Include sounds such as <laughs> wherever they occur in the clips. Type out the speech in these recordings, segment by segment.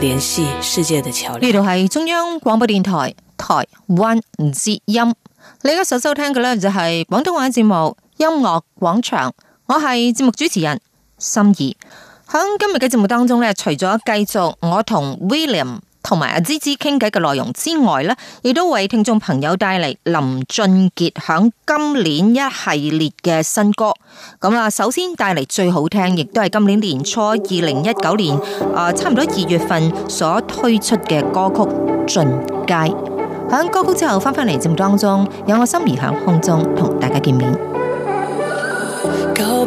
聯繫世界的橋梁。呢度係中央廣播電台台灣之音，你而家所收聽嘅咧就係廣東話節目《音樂廣場》，我係節目主持人心儀。喺今日嘅節目當中咧，除咗繼續我同 William。同埋阿芝芝傾偈嘅內容之外呢，亦都為聽眾朋友帶嚟林俊傑響今年一系列嘅新歌。咁啊，首先帶嚟最好聽，亦都係今年初年初二零一九年啊，差唔多二月份所推出嘅歌曲《進階》。響歌曲之後翻返嚟節目當中，有我心儀響空中同大家見面。告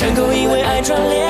傷口因為愛斷裂。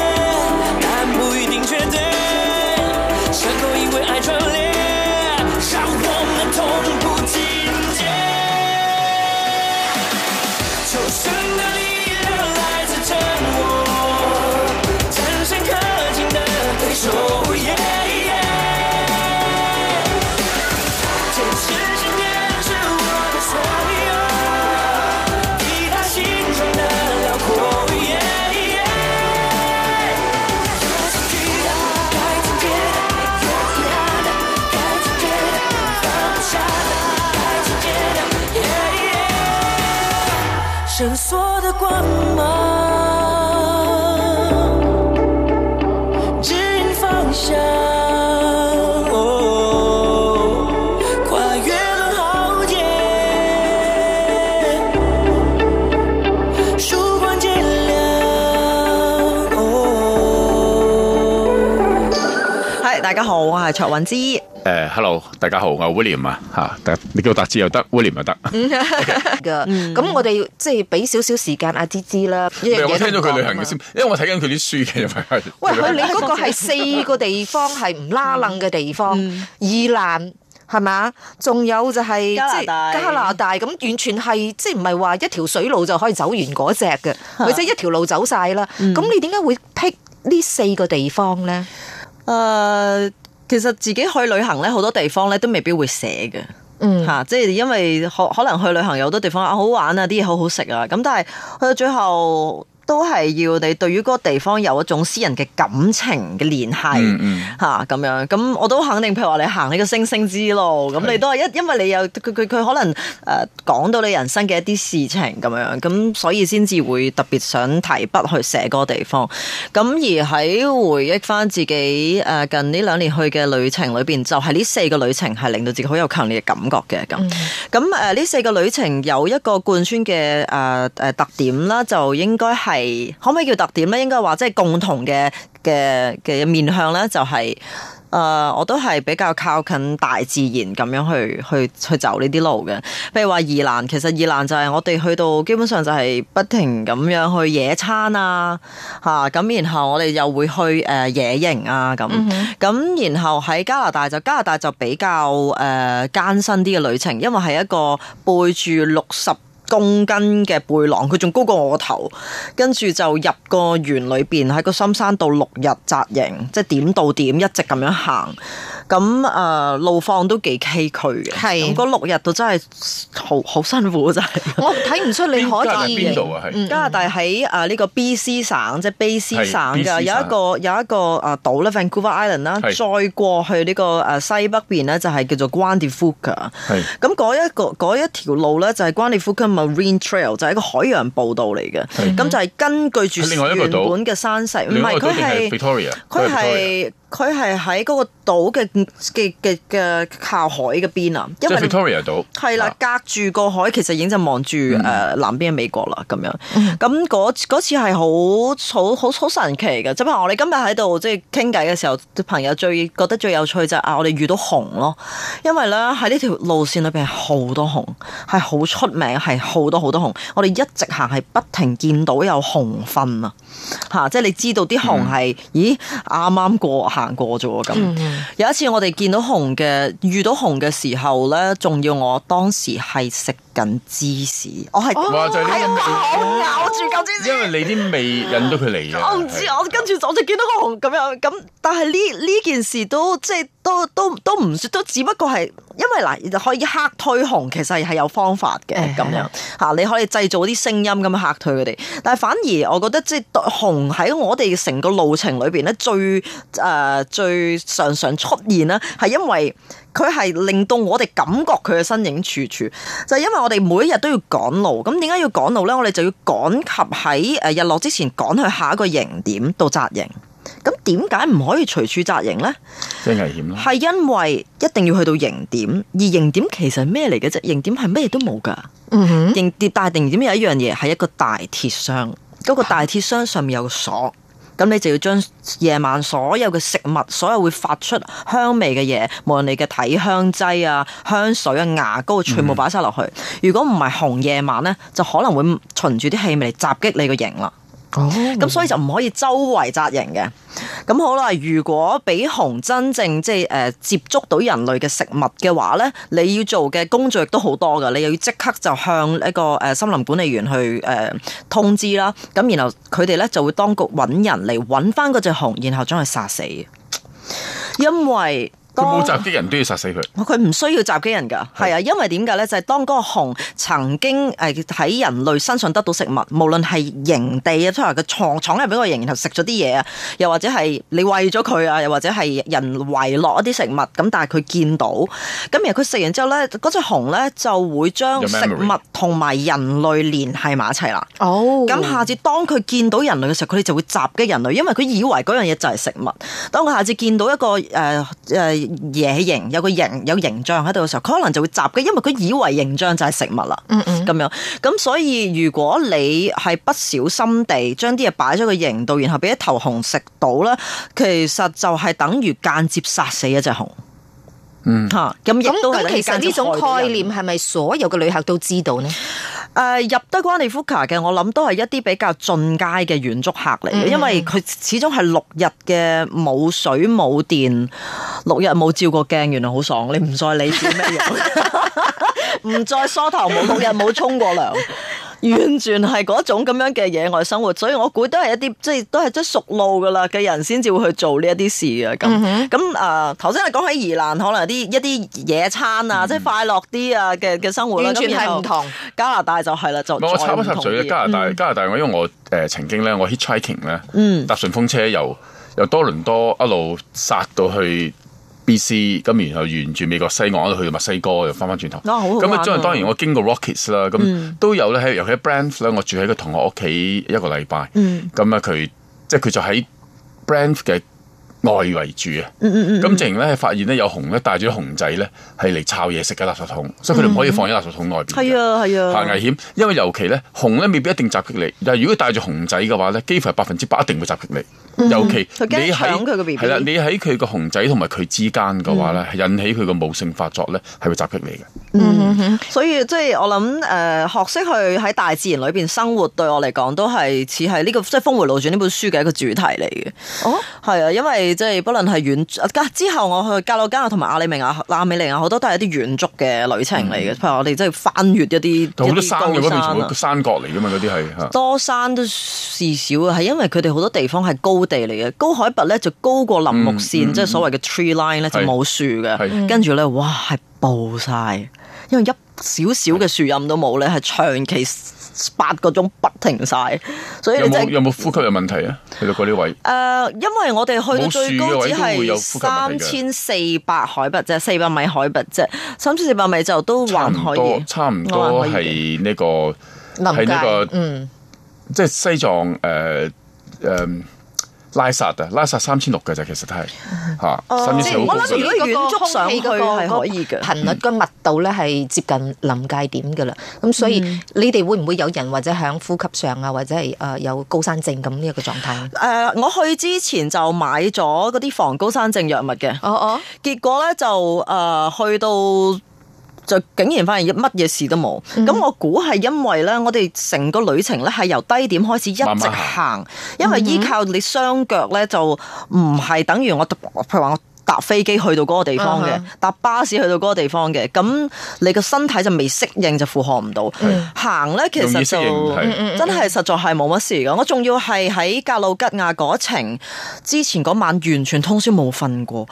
卓雲芝誒，Hello，大家好，我係 William 啊，吓，你叫達志又得，William 又得，咁我哋即係俾少少時間阿芝芝啦，唔係我聽咗佢旅行嘅先，因為我睇緊佢啲書嘅，係、啊，佢， <laughs> 你嗰個係四個地方係唔拉楞嘅地方，愛爾蘭係嘛，仲有就係、是、加拿大，咁完全係即係唔係話一條水路就可以走完嗰隻嘅，或者一條路走晒啦，咁、嗯、你點解會 pick 呢四個地方咧？誒、呃。其實自己去旅行咧，好多地方咧都未必會寫嘅，吓、嗯，即係因為可可能去旅行有好多地方啊，好玩啊，啲嘢好好食啊，咁但係去到最後，都係要你對於個地方有一種私人嘅感情嘅聯繫吓咁樣，咁我都肯定譬如話你行呢個星星之路，咁你都係一因為你有佢佢佢可能誒講、呃、到你人生嘅一啲事情咁樣，咁所以先至會特別想提筆去寫個地方。咁而喺回憶翻自己誒近呢兩年去嘅旅程裏邊就係、是、呢四個旅程係令到自己好有強烈嘅感覺嘅咁。咁誒呢四個旅程有一個貫穿嘅誒誒特點啦，就應該係。可唔可以叫特點咧？應該話即係共同嘅嘅嘅面向咧，就係、是、誒、呃，我都係比較靠近大自然咁樣去去去走呢啲路嘅。譬如話宜蘭，其實宜蘭就係我哋去到基本上就係不停咁樣去野餐啊，吓、啊、咁，然後我哋又會去誒、呃、野營啊咁咁，嗯、然後喺加拿大就加拿大就比較誒艱、呃、辛啲嘅旅程，因為係一個背住六十。公斤嘅背囊，佢仲高過我個頭，跟住就入個園裏邊，喺個深山度六日紮營，即係點到點一直咁樣行。咁誒路況都幾崎嶇嘅，係嗰六日都真係好好辛苦真係。 <laughs> 我睇唔出你可以。邊度啊？加拿大喺呢個 BC 省，即係 BC 省嘅有一個有一個誒島咧，Vancouver Island 啦，再過去呢個西北邊咧就係叫做 Juan de Fuca 咁嗰一個嗰一條路咧就係 Juan de Fuca Marine Trail，就係一個海洋步道嚟嘅。咁就係根據住原本嘅山勢，唔係佢係 Victoria，佢係。佢係喺嗰個島嘅嘅嘅嘅靠海嘅邊啊，因為是 Victoria 島，係啦，隔住個海、啊、其實已經就望住誒南邊嘅美國啦咁樣，咁嗰次係好好好好神奇嘅，即、就、係、是、我哋今日喺度即係傾偈嘅時候，啲朋友最覺得最有趣就係啊，我哋遇到熊咯，因為咧喺呢條路線裏邊好多熊係好出名，係好多好多熊，我哋一直行係不停見到有熊糞啊，吓，即係你知道啲熊係、嗯、咦啱啱過。難過啫，咁有一次我哋見到熊嘅，遇到熊嘅時候咧，仲要我當時係食緊芝士，我係哇就係呢，我咬住嚿芝士，因為你啲味引到佢嚟嘅，我唔知，我跟住就我就見到個熊咁樣，咁但係呢呢件事都即係，就是都都都唔算都只不過係，因為嗱，可以嚇退紅，其實係有方法嘅咁樣嚇，你可以製造啲聲音咁樣嚇退佢哋。但係反而我覺得即係紅喺我哋成個路程裏邊咧，最誒、呃、最常常出現啦，係因為佢係令到我哋感覺佢嘅身影處處，就係、因為我哋每一日都要趕路，咁點解要趕路咧？我哋就要趕及喺誒日落之前趕去下一個營點度紮營。咁點解唔可以隨處紮營呢？即係危險，係係因為一定要去到營點，而營點其實咩嚟嘅啫？營點係咩都冇噶。嗯哼。營點但係營點定點有一樣嘢，係一個大鐵箱。嗰、嗰個大鐵箱上面有個鎖，咁、啊、你就要將夜晚所有嘅食物，所有會發出香味嘅嘢，無論你嘅體香劑啊、香水啊、牙膏全部擺晒落去，嗯。如果唔係紅夜晚呢，就可能會循住啲氣味嚟襲擊你個營啦。哦，咁所以就唔可以周圍紮營嘅。咁好啦，如果俾熊真正即係誒接觸到人類嘅食物嘅話咧，你要做嘅工作亦都好多噶，你又要即刻就向一個誒、呃、森林管理員去誒、呃、通知啦。咁然後佢哋咧就會當局揾人嚟揾翻嗰隻熊，然後將佢殺死，因為。佢冇襲擊人都要殺死佢。佢唔需要襲擊人噶，係啊，因為點解咧？就係、是、當嗰個熊曾經喺人類身上得到食物，無論係營地啊，即係話佢闖闖入邊個營，然後食咗啲嘢啊，又或者係你餵咗佢啊，又或者係人遺落一啲食物咁，但係佢見到，咁然後佢食完之後咧，嗰隻熊咧就會將食物同埋人類聯繫埋一齊啦。哦，咁下次當佢見到人類嘅時候，佢哋就會襲擊人類，因為佢以為嗰樣嘢就係食物。當佢下次見到一個誒誒，呃呃野營有個營有營帳喺度嘅時候，佢可能就會襲擊，因為佢以為營帳就係食物啦。嗯嗯，咁樣咁，所以如果你係不小心地將啲嘢擺咗個營度，然後俾一頭熊食到啦，其實就係等於間接殺死一隻熊。嗯，嚇、啊。咁、嗯、佢、嗯嗯、其實呢種概念係咪所有嘅旅客都知道呢？誒、uh，入得關利福卡嘅，我諗都係一啲比較進階嘅遠足客嚟嘅，mm-hmm. 因為佢始終係六日嘅，冇水冇電，六日冇照過鏡，原來好爽，你唔再理住咩用，唔 <laughs> <laughs> 再梳頭，冇六日冇沖過涼。完全係嗰種咁樣嘅野外生活，所以我估都係一啲即係都係即係熟路噶啦嘅人先至會去做呢一啲事嘅咁。咁、mm -hmm. 啊，頭先係講起宜蘭，可能啲一啲野餐啊，mm -hmm. 即係快樂啲啊嘅嘅生活咧，完全係唔同。加拿大就係啦，就再唔同啲。嗯。加拿大，加拿大，我、mm -hmm. 因為我誒曾、呃、經咧，我 hitchhiking 咧，搭順風車由由多倫多一路殺到去。B、C，咁然後沿住美國西岸一路去墨西哥，又翻翻轉頭。咁啊，啊，當然我經過 Rockies 啦、嗯，咁都有咧。喺尤其喺 Banff 咧，我住喺個同學屋企一個禮拜。咁、嗯、啊，佢即係佢就喺 Banff 嘅外圍住啊。咁、嗯、自、嗯嗯、然咧，發現咧有熊咧帶住熊仔咧係嚟抄嘢食嘅垃圾桶，所以佢哋唔可以放喺垃圾桶外邊。係啊係啊，怕危險。因為尤其咧，熊咧未必一定襲擊你，但係如果帶住熊仔嘅話咧，幾乎係百分之百一定會襲擊你。尤其你喺佢個係啦，你喺佢個熊仔同埋佢之間嘅話咧、嗯，引起佢個母性發作咧，係會襲擊你嘅、嗯。所以即係我諗誒、呃，學識去喺大自然裏邊生活，對我嚟講都係似係呢個即係《峰回路轉》呢本書嘅一個主題嚟嘅。哦，係啊，因為即係不論係遠啊，之後我去格魯吉亞同埋阿里明亞、亞美尼亞，好多都係一啲遠足嘅旅程嚟嘅、嗯。譬如我哋即係翻越一啲好山嘅嗰邊，全是山國嚟噶嘛，嗰啲係多山都事少啊，係因為佢哋好多地方係高。地嚟嘅高海拔咧就高過林木線，嗯嗯、即係所謂嘅 tree line 咧就冇樹嘅。跟住咧，哇係暴曬，因為一少少嘅樹蔭都冇咧，係長期八個鐘不停曬。所以你有冇有冇呼吸嘅問題啊？去到嗰啲位？誒，因為我哋去到最高只係三千四百海拔啫，四百米海拔啫，三千四百米就都還可以，差唔多係呢個係呢個，嗯，即係西藏誒誒。呃呃拉薩啊，拉薩三千六嘅就其實都係吓，三千，我諗。如果遠足上去，嗰個頻率嘅密度咧係接近臨界點嘅啦。咁、嗯、所以你哋會唔會有人或者喺呼吸上啊，或者係誒有高山症咁呢一個狀態咧、呃？我去之前就買咗嗰啲防高山症藥物嘅。哦哦，結果咧就誒、呃、去到。就竟然發現乜嘢事都冇，咁我估係因為咧，我哋成個旅程咧係由低點開始一直行，因為依靠你雙腳咧就唔係等於我，譬如話我。搭飛機去到嗰個地方嘅，搭巴士去到嗰個地方嘅，咁你個身體就未適應就負荷唔到。行咧其實就嗯嗯嗯真係實在係冇乜事嘅。我仲要係喺格魯吉亞嗰程之前嗰晚完全通宵冇瞓過，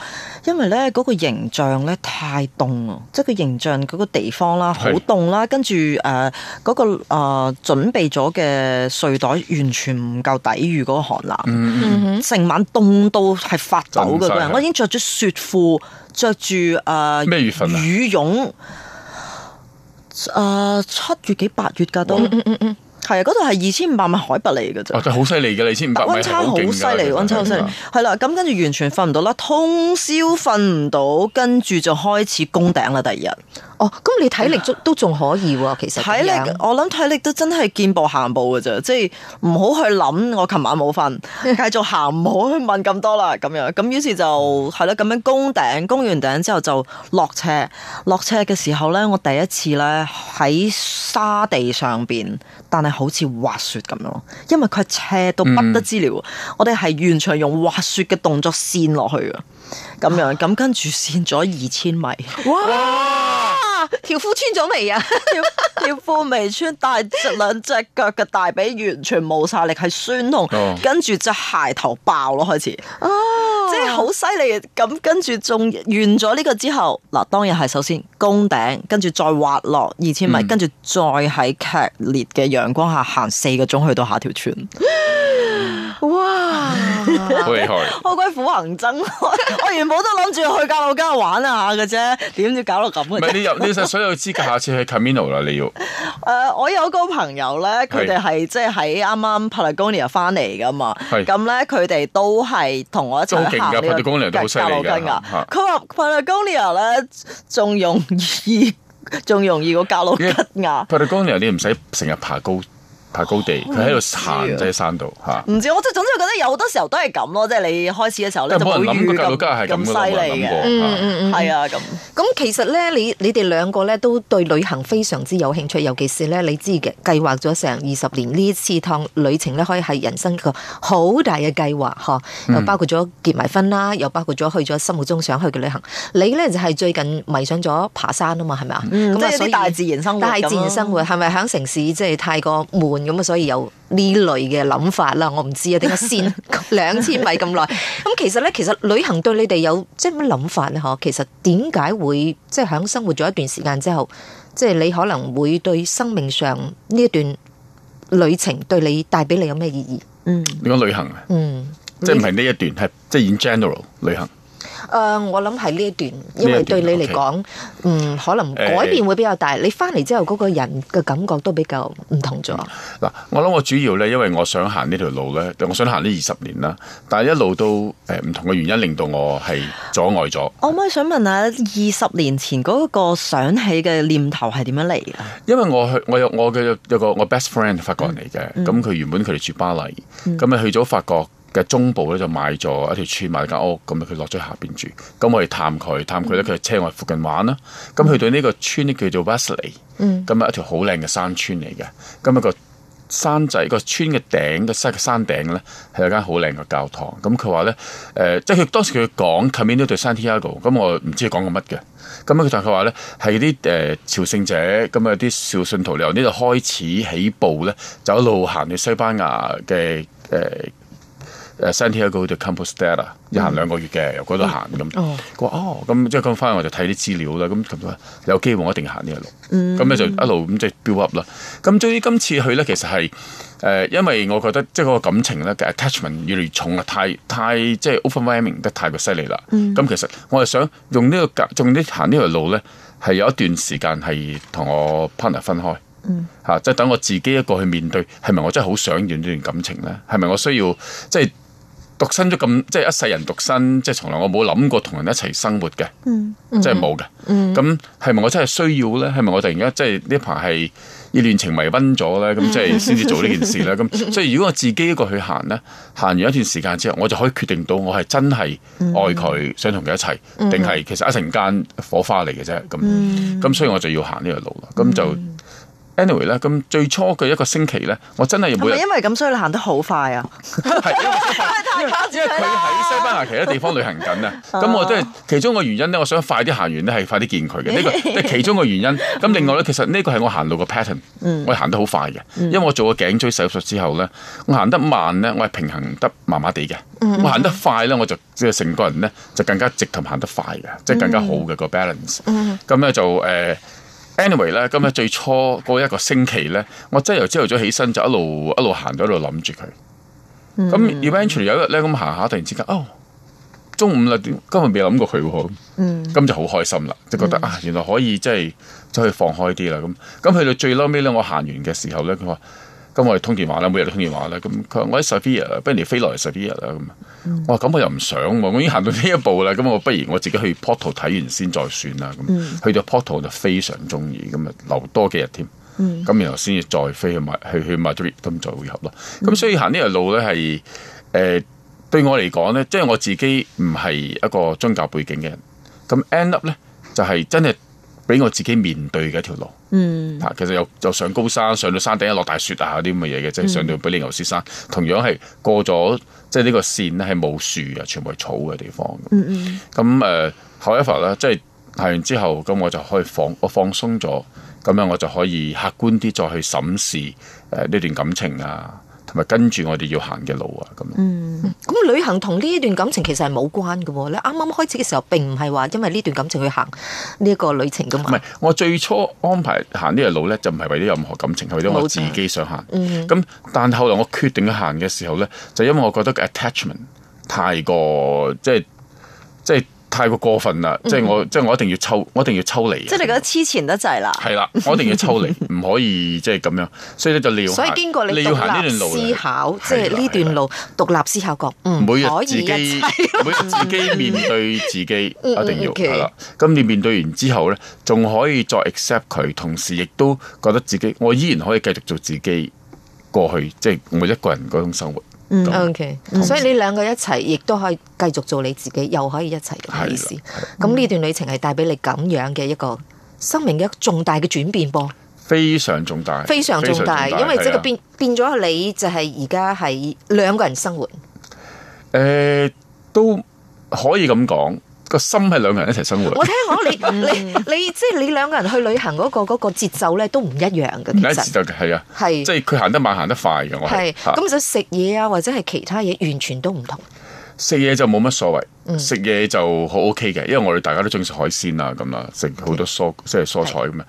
因為咧嗰個營帳咧太凍，啊，即係個營帳嗰個，個地方啦，好凍啦，跟住誒嗰個誒、呃、準備咗嘅睡袋完全唔夠抵禦嗰個寒、嗯嗯嗯、冷，成晚凍到係發抖嘅個人，我已經着咗。雪褲着住誒，咩、呃、月份啊？羽絨，誒，七月幾八月噶都。嗯嗯嗯係啊，嗰度係二千五百米海拔嚟㗎咋。哦，真係好犀利㗎，二千五百米溫差好犀利，溫差好犀利。係、嗯、啦，咁跟住完全瞓唔到啦，通宵瞓唔到，跟住就開始攻頂啦。第二日，哦，咁你體力都仲、嗯、可以喎、啊，其實體力我諗體力都真係見步行步㗎咋。即係唔好去諗。我琴晚冇瞓，繼續行，唔好去問咁多啦。咁樣咁於是就係啦，咁樣攻頂，攻完頂之後就落車。落車嘅時候咧，我第一次咧喺沙地上邊，但係。好似滑雪咁樣，因為佢斜到不得之了。嗯、我哋係完全用滑雪嘅動作跣落去嘅，咁樣咁跟住跣咗二千米。哇！條褲穿咗未啊？條褲未穿，但係兩隻腳嘅大髀完全冇晒力，係酸痛。Oh. 跟住隻鞋頭爆咯，開始。啊好犀利！咁、 <noise> 哎、跟住仲完咗呢個之後，嗱當然係首先攻頂，跟住再滑落二千米，嗯、跟住再喺劇烈嘅陽光下行四個鐘去到下條村。 <noise> 好、啊、厲害！好鬼苦行僧， <laughs> 我原本都諗住去加路加玩下嘅啫，點知搞到咁嘅？唔係你入，你使所有資格 <laughs> 下次去 Camino 啦，你要。誒、uh，我有一個朋友咧，佢哋係即係喺啱啱 Patagonia 翻嚟噶嘛，咁咧佢哋都係同我一齊爬呢啲。好勁噶，Patagonia 都好犀利嘅。佢、這、話、個啊、Patagonia 咧仲容易，仲容易過加路加。Patagonia 你唔使成日爬高。啊啊啊啊啊啊啊太高地，佢喺度行即係山度吓，唔、哦、知我即係總之覺得有好多時候都係咁咯，即、就、係、是、你開始嘅時候咧，冇諗咁犀利嘅，嗯係啊咁。咁、嗯嗯、其實咧，你你哋兩個咧都對旅行非常之有興趣，尤其是咧你知嘅計劃咗成二十年呢次趟旅程咧，可以係人生一個好大嘅計劃，包括咗結埋婚啦，又包括咗去咗心目中想去嘅旅行。你咧就係、是、最近迷上咗爬山啊嘛，係咪啊？咁、嗯嗯嗯、所以大自，大自然生活，大自然生活係咪喺城市即係太過悶？咁啊，所以有呢類嘅諗法啦，我唔知啊，點解先兩千米咁耐？咁其實咧，其實旅行對你哋有即係咩諗法咧？嗬，其實點解會即係響生活咗一段時間之後，即係你可能會對生命上呢一段旅程，對你帶俾你有咩意義？嗯，你講旅行啊？嗯，即係唔係呢一段，係即係 in general 旅行。誒、呃，我諗係呢一段，因為對你嚟講，Okay. 嗯，可能改變會比較大。欸、你翻嚟之後，嗰個人嘅感覺都比較唔同咗。嗱、嗯，我諗我主要咧，因為我想行呢條路咧，我想行呢二十年啦，但係一路都誒唔、欸、同嘅原因令到我係阻礙咗。我唔可以想問下、啊，二十年前嗰個想起嘅念頭係點樣嚟噶？因為我去，我有我嘅有,有個我 best friend 法國人嚟嘅，咁、嗯、佢、嗯、原本佢哋住巴黎，咁、嗯、咪去咗法國。嘅中部咧就買咗一條村，買間屋，咁佢落咗下邊住。咁我哋探佢，探佢咧，佢喺車外附近玩啦。咁佢到呢個村咧叫做 Wesley，咁、嗯、啊，一條好靚嘅山村嚟嘅。咁、那、啊個山仔、那個村嘅頂嘅西個山頂咧，係有間好靚嘅教堂。咁佢話咧誒，即係佢當時佢講 Camino de Santiago。咁我唔知佢講個乜嘅。咁佢但佢話咧係啲誒，朝聖者，咁啊啲少信徒由呢度開始起步咧，一路行去西班牙嘅誒。呃誒新添一個叫做 Campus Dara，一、嗯、行兩個月嘅，由嗰度行咁。佢、嗯、哦，咁即係咁，翻去我就睇啲資料啦。咁咁有機會我一定行呢條路。咁、嗯、咧就一路咁即係 build up 啦。咁終於今次去咧，其實係誒、呃，因為我覺得即係嗰個感情咧嘅 attachment 越嚟越重啊，太太即係、就是、overwhelming 得太過犀利啦。咁、嗯、其實我係想用呢、這個架，用啲、這個這個、行呢條路咧，係有一段時間係同我 partner 分開。嚇、嗯，即係等我自己一個去面對，係咪我真係好想斷呢段感情咧？係咪我需要即係？就是獨身咗咁，即係一世人獨身，即係從來我冇諗過同人一齊生活嘅，嗯，即係冇嘅。咁係咪我真係需要咧？係咪我突然間即係呢排係意亂情迷溫咗咧？咁即係先至做呢件事咧？咁 <laughs> 所以如果我自己一個去行咧，行完一段時間之後，我就可以決定到我係真係愛佢，嗯，想同佢一齊，定係其實一陣間火花嚟嘅啫。咁咁，嗯、所以我就要行呢條路啦。咁就。嗯嗯 Anyway 咧，咁最初嘅一個星期咧，我真係冇。係咪因為咁所以你行得好快啊？係 <laughs> 因為佢喺西班牙其他地方旅行緊啊。咁 <laughs> 我都係其中嘅原因咧。我想快啲行完咧，係快啲見佢嘅呢個。即係其中嘅原因。咁另外咧，其實呢個係我行路嘅 pattern。 <laughs> 我行得好快嘅，因為我做咗頸椎手術之後咧，我行得慢咧，我係平衡得麻麻地嘅。 <laughs> 我行得快咧，我就即係成個人咧就更加直同行得快嘅，即係更加好嘅個 balance。 <laughs> 咁咧就誒。Anyway 咧，今日最初嗰一個星期咧，我真係由朝頭早起身就一路一路行咗，一路諗住佢。咁 eventually、mm. 有一日咧咁行下，突然之間哦，中午啦，點根本未諗過佢喎。咁、mm. 就好開心啦，就覺得、mm. 啊，原來可以即係、就、可以放開啲啦。咁咁去到最嬲尾咧，我行完嘅時候咧，佢話。咁我哋通電話啦，每日都通電話啦。咁佢話：我喺塞維亞，不如你飛落嚟塞維亞啦。咁我話：咁、mm. 我又唔想喎，我已經行到呢一步啦。咁我不如我自己去 portal 睇完先再，再算啦。咁、mm. 去到 portal 就非常中意，咁啊留多幾日添。咁、mm. 然後先至再飛去買去去 Madrid 咁再會合咯。咁、mm. 所以行呢條路咧係誒對我嚟講咧，即、就、係、是、我自己唔係一個宗教背景嘅人。咁 end up 咧就係、是、真係。俾我自己面對嘅一條路、嗯，啊，其實又又上高山，上到山頂又落大雪啊，啲咁嘅嘢嘅，即、就、係、是、上到比利牛斯山，嗯、同樣係過咗，即係呢個線咧係冇樹啊，全部係草嘅地方。嗯嗯，咁、啊、誒，後一伐咧，即係行完之後，咁我就可以放，我放鬆咗，咁樣我就可以客觀啲再去審視誒呢、呃、段感情啊。跟住我哋要行嘅路啊，咁。嗯，咁旅行同呢一段感情其實係冇關嘅。哦，你啱啱開始嘅時候，並唔係話因為呢段感情去行呢一個旅程噶嘛。唔係，我最初安排行呢條路咧，就唔係為咗任何感情，係為咗我自己想行。咁但後來我決定去行嘅時候咧，就因為我覺得 attachment 太過，即係即係。太過過分啦，即係我，嗯、即係我一定要抽，我一定要抽離。即、嗯、係你覺得黐纏得滯啦。係啦，我一定要抽離，唔、嗯、可以即係咁樣，所以咧就了。所以經過你獨立、你要行嗯呢段路、立思考，即係呢段路獨立思考角，嗯，每自己可每自己面對自己，嗯、一定要係啦。咁、okay. 你面對完之後咧，仲可以再 accept 佢，同時亦都覺得自己我依然可以繼續做自己過去，即、就、係、是、我一個人嗰種生活。嗯，OK，所以你兩個一齊，亦都可以繼續做你自己，又可以一齊嘅意思。咁呢段旅程係帶俾你咁樣嘅一個、嗯、生命嘅一個重大嘅轉變噃，非常重大，非常重大，因為即係變變咗，變了你就係而家係兩個人生活。誒、呃，都可以咁講。個心係兩個人一齊生活。我聽講你你你，即 <laughs> 係你，你、就是、你兩個人去旅行嗰、那個嗰、那個節奏咧，都唔一樣嘅。其實節奏係啊，係即係佢行得慢，行得快嘅。我係咁就食嘢啊，或者係其他嘢，完全都唔同。食嘢就冇乜所謂，食、嗯、嘢就好 O K 嘅，因為我哋大家都中意食海鮮啦，咁、嗯、啦，食、嗯、好多蔬即係、就是、蔬菜咁啊。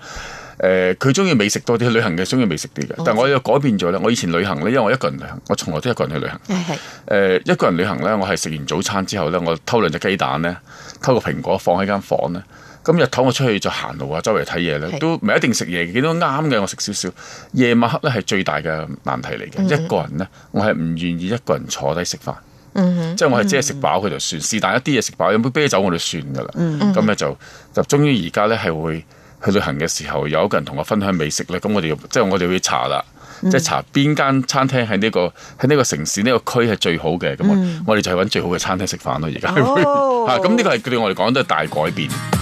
誒佢中意美食多啲，去旅行嘅中意美食啲嘅、哦。但係我又改變咗咧，我以前旅行咧，因為我一個人旅行，我從來都一個人去旅行。係、嗯呃、一個人旅行咧，我係食完早餐之後咧，我偷兩隻雞蛋咧，偷個蘋果放喺間房咧。咁日頭我出去就行路啊，周圍睇嘢咧，都唔係一定食嘢，見到啱嘅我食少少。夜晚黑咧係最大嘅難題嚟嘅、嗯，一個人咧，我係唔願意一個人坐低食飯。即、嗯、係、嗯就是、我係只係食飽佢就算，是、嗯、但一啲嘢食飽，飲杯啤酒我就算㗎啦。嗯嗯。咁咧就就終於而家咧係會。去旅行嘅時候，有一個人同我分享美食咧，咁我哋即係我哋會查啦，即係查邊、嗯、間餐廳喺呢、呢個喺呢個城市呢、呢個區係最好嘅，咁我哋、嗯、就係揾最好嘅餐廳食飯咯。而家嚇，咁、哦、呢、 <laughs> 嗯哦嗯呢個係對我哋講都係大改變。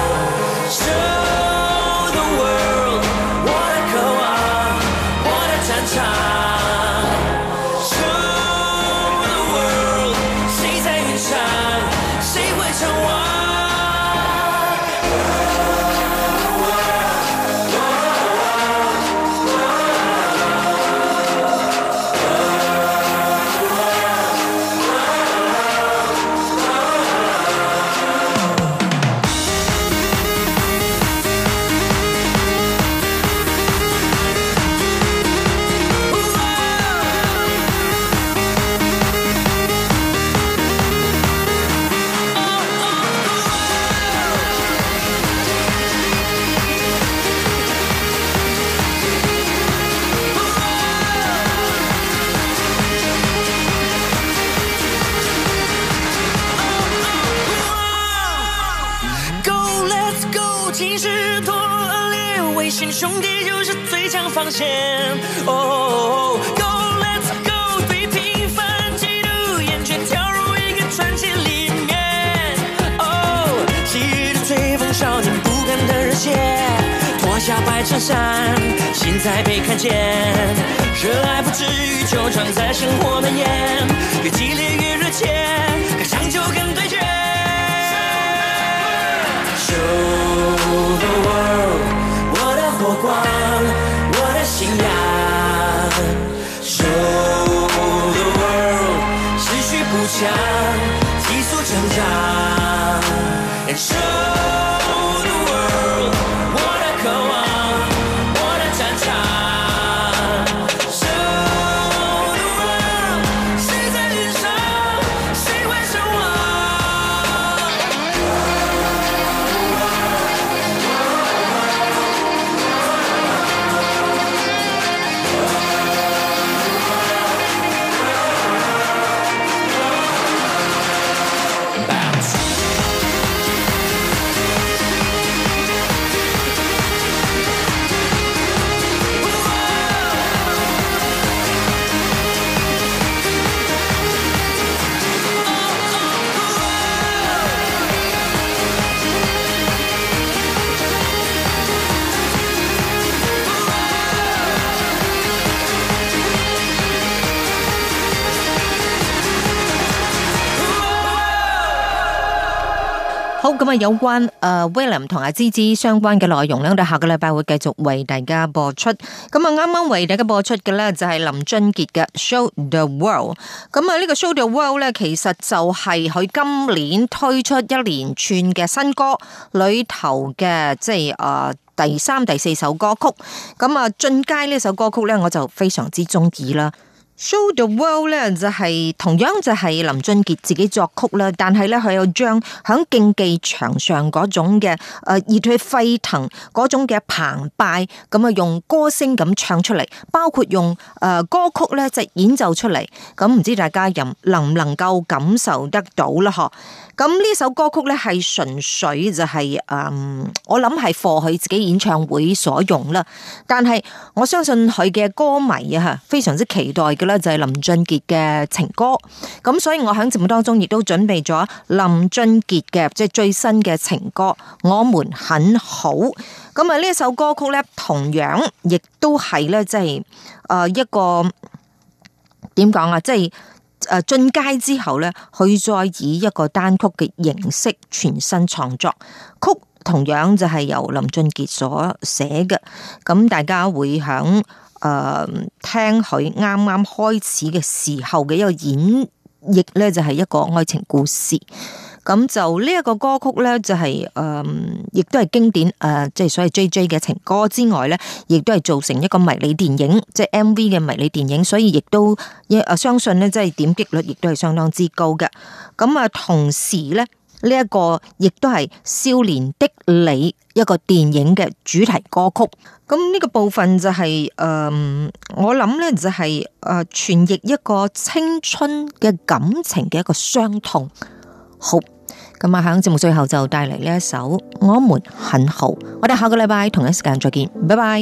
看見，熱愛不止於球場，在生活蔓延。越激烈越熱切，更長就更對決。 <music> Show the world，我的火光，我的信仰。Show the world，持續不降，急速成長。咁啊，有關誒，William 同阿芝芝相關嘅內容咧，我哋下個禮拜會繼續為大家播出。咁啊，啱啱為大家播出嘅咧就係林俊傑嘅《Show the World》。咁啊，呢個《Show the World》咧，其實就係佢今年推出一連串嘅新歌裏頭嘅，即係誒第三、第四首歌曲。咁啊，俊傑呢首歌曲咧，我就非常之中意啦。Show the world 咧就係、是、同樣就係林俊傑自己作曲啦，但係咧佢又將響競技場上種嘅誒熱血沸騰種嘅澎湃咁啊用歌聲咁唱出嚟，包括用誒歌曲咧就演奏出嚟。咁唔知大家又能唔能夠感受得到啦？嗬，咁呢首歌曲咧係純粹就係、是、誒，我諗係為佢自己演唱會所用啦。但係我相信佢嘅歌迷啊吓非常之期待嘅啦。就係林俊傑嘅情歌，咁所以我喺節目當中亦都準備咗林俊傑嘅即係最新嘅情歌《我們很好》。咁啊呢一首歌曲咧，同樣亦都係咧即係誒一個點講啊，即係誒進階之後咧，佢再以一個單曲嘅形式全新創作曲，同樣就係由林俊傑所寫嘅。咁大家會響。誒、嗯，聽佢啱啱開始嘅時候嘅一個演繹呢就係、是、一個愛情故事。咁就呢一個歌曲呢，就係、是、誒，亦、嗯、都係經典誒，即、呃、係、就是、所謂 J J 嘅情歌之外呢亦都係做成一個迷你電影，即、就、係、是、M V 嘅迷你電影。所以亦都相信呢即係、就是、點擊率亦都係相當之高嘅。咁啊，同時呢，呢、這、一個亦都係《少年的你》一個電影嘅主題歌曲，咁呢個部分就係、是、誒、呃，我諗咧就係、是、誒，傳、呃、譯一個青春嘅感情嘅一個傷痛。好，咁啊，喺節目最後就帶嚟呢一首《我們很好》。我哋下個禮拜同一時間再見，拜拜。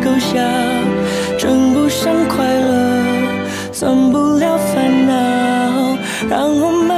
勾銷，稱不上快樂，算不了煩惱，讓我們。